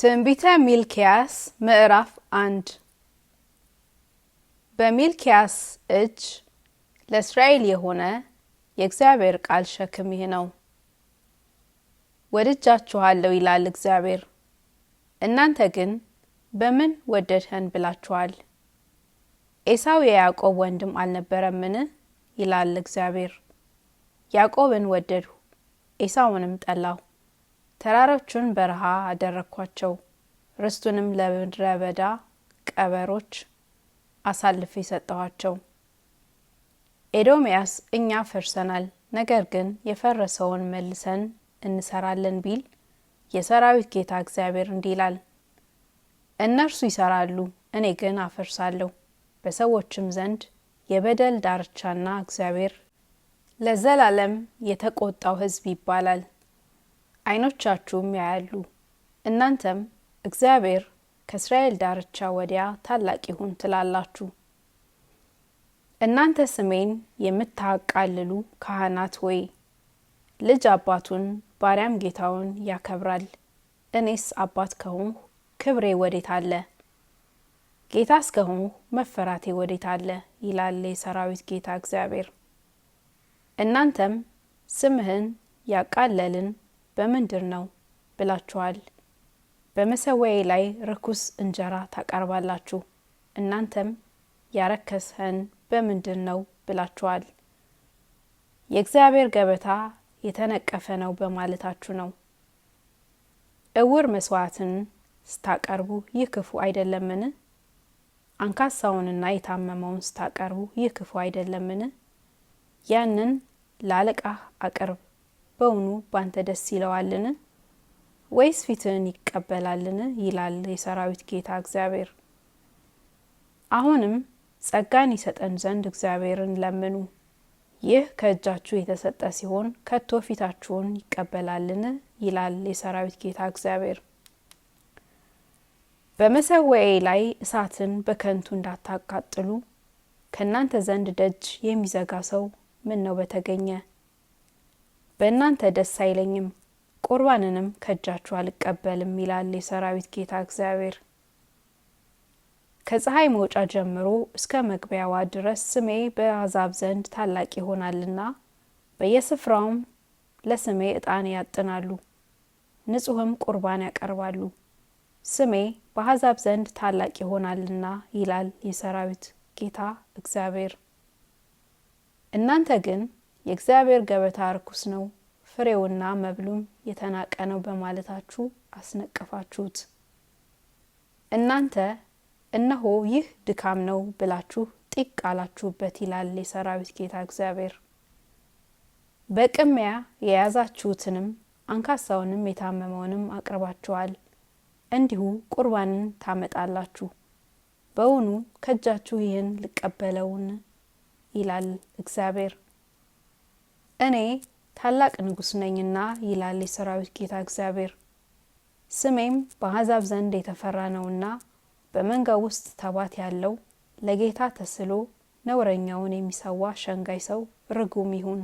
ትንቢተ ሚልክያስ ምዕራፍ አንድ በሚልክያስ እጅ ለእስራኤል የሆነ የእግዚአብሔር ቃል ሸክም ይህ ነው። ወድጃችኋለሁ ይላል እግዚአብሔር፣ እናንተ ግን በምን ወደድህን ብላችኋል። ኤሳው የያዕቆብ ወንድም አልነበረምን? ይላል እግዚአብሔር። ያዕቆብን ወደድሁ፣ ኤሳውንም ጠላሁ። ተራሮቹን በረሃ አደረግኳቸው፣ ርስቱንም ለምድረ በዳ ቀበሮች አሳልፌ ሰጠኋቸው። ኤዶምያስ እኛ ፈርሰናል፣ ነገር ግን የፈረሰውን መልሰን እንሰራለን ቢል የሰራዊት ጌታ እግዚአብሔር እንዲህ ይላል፣ እነርሱ ይሰራሉ፣ እኔ ግን አፈርሳለሁ። በሰዎችም ዘንድ የበደል ዳርቻና እግዚአብሔር ለዘላለም የተቆጣው ሕዝብ ይባላል። ዓይኖቻችሁም ያያሉ። እናንተም እግዚአብሔር ከእስራኤል ዳርቻ ወዲያ ታላቅ ይሁን ትላላችሁ። እናንተ ስሜን የምታቃልሉ ካህናት ወይ ልጅ አባቱን ባሪያም ጌታውን ያከብራል። እኔስ አባት ከሆንሁ ክብሬ ወዴት አለ? ጌታ እስከሆንሁ መፈራቴ ወዴት አለ? ይላል የሰራዊት ጌታ እግዚአብሔር። እናንተም ስምህን ያቃለልን በምንድር ነው ብላችኋል። በመሰዊያዬ ላይ ርኩስ እንጀራ ታቀርባላችሁ፣ እናንተም ያረከሰን በምንድር ነው ብላችኋል። የእግዚአብሔር ገበታ የተነቀፈ ነው በማለታችሁ ነው። እውር መስዋዕትን ስታቀርቡ ይህ ክፉ አይደለምን? አንካሳውንና የታመመውን ስታቀርቡ ይህ ክፉ አይደለምን? ያንን ለአለቃህ አቅርብ በውኑ ባንተ ደስ ይለዋልን? ወይስ ፊትህን ይቀበላልን? ይላል የሰራዊት ጌታ እግዚአብሔር። አሁንም ጸጋን ይሰጠን ዘንድ እግዚአብሔርን ለምኑ። ይህ ከእጃችሁ የተሰጠ ሲሆን ከቶ ፊታችሁን ይቀበላልን? ይላል የሰራዊት ጌታ እግዚአብሔር። በመሰዊያዬ ላይ እሳትን በከንቱ እንዳታቃጥሉ ከእናንተ ዘንድ ደጅ የሚዘጋ ሰው ምን ነው በተገኘ በእናንተ ደስ አይለኝም፣ ቁርባንንም ከእጃችሁ አልቀበልም ይላል የሰራዊት ጌታ እግዚአብሔር። ከፀሐይ መውጫ ጀምሮ እስከ መግቢያዋ ድረስ ስሜ በአሕዛብ ዘንድ ታላቅ ይሆናልና በየስፍራውም ለስሜ ዕጣን ያጥናሉ፣ ንጹህም ቁርባን ያቀርባሉ። ስሜ በአሕዛብ ዘንድ ታላቅ ይሆናልና ይላል የሰራዊት ጌታ እግዚአብሔር። እናንተ ግን የእግዚአብሔር ገበታ ርኩስ ነው፣ ፍሬውና መብሉም የተናቀ ነው በማለታችሁ አስነቀፋችሁት። እናንተ እነሆ ይህ ድካም ነው ብላችሁ ጢቅ አላችሁበት ይላል የሰራዊት ጌታ እግዚአብሔር። በቅሚያ የያዛችሁትንም አንካሳውንም የታመመውንም አቅርባችኋል፣ እንዲሁ ቁርባንን ታመጣላችሁ። በውኑ ከእጃችሁ ይህን ልቀበለውን? ይላል እግዚአብሔር። እኔ ታላቅ ንጉሥ ነኝና ይላል የሰራዊት ጌታ እግዚአብሔር፣ ስሜም በአሕዛብ ዘንድ የተፈራ ነውና በመንጋ ውስጥ ተባት ያለው ለጌታ ተስሎ ነውረኛውን የሚሰዋ ሸንጋይ ሰው ርጉም ይሁን።